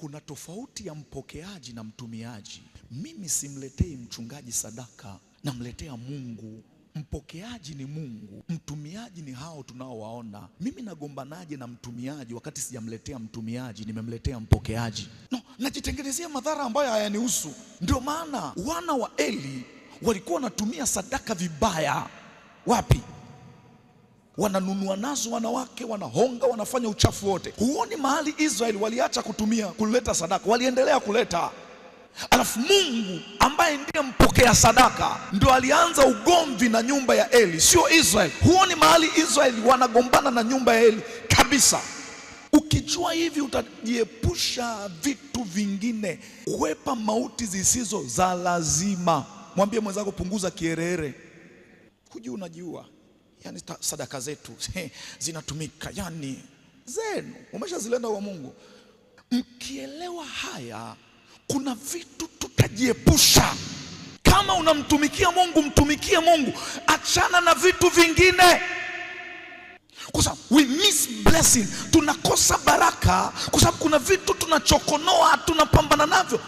Kuna tofauti ya mpokeaji na mtumiaji. Mimi simletei mchungaji sadaka, namletea Mungu. Mpokeaji ni Mungu, mtumiaji ni hao tunaowaona. Mimi nagombanaje na mtumiaji wakati sijamletea mtumiaji, nimemletea mpokeaji? No, najitengenezea madhara ambayo hayanihusu. Ndio maana wana wa Eli walikuwa wanatumia sadaka vibaya. Wapi? wananunua nazo wanawake, wanahonga, wanafanya uchafu wote. Huoni mahali Israeli waliacha kutumia kuleta sadaka, waliendelea kuleta Alafu Mungu ambaye ndiye mpokea sadaka ndo alianza ugomvi na nyumba ya Eli, sio Israeli. Huoni mahali Israeli wanagombana na nyumba ya Eli kabisa. Ukijua hivi utajiepusha vitu vingine, kwepa mauti zisizo za lazima. Mwambie mwenzako punguza kiereere, hujuu unajiua yani sadaka zetu zinatumika, yani zenu umeshazilenda kwa Mungu. Mkielewa haya, kuna vitu tutajiepusha. Kama unamtumikia Mungu, mtumikie Mungu, achana na vitu vingine, kwa sababu we miss blessing, tunakosa baraka kwa sababu kuna vitu tunachokonoa, tunapambana navyo.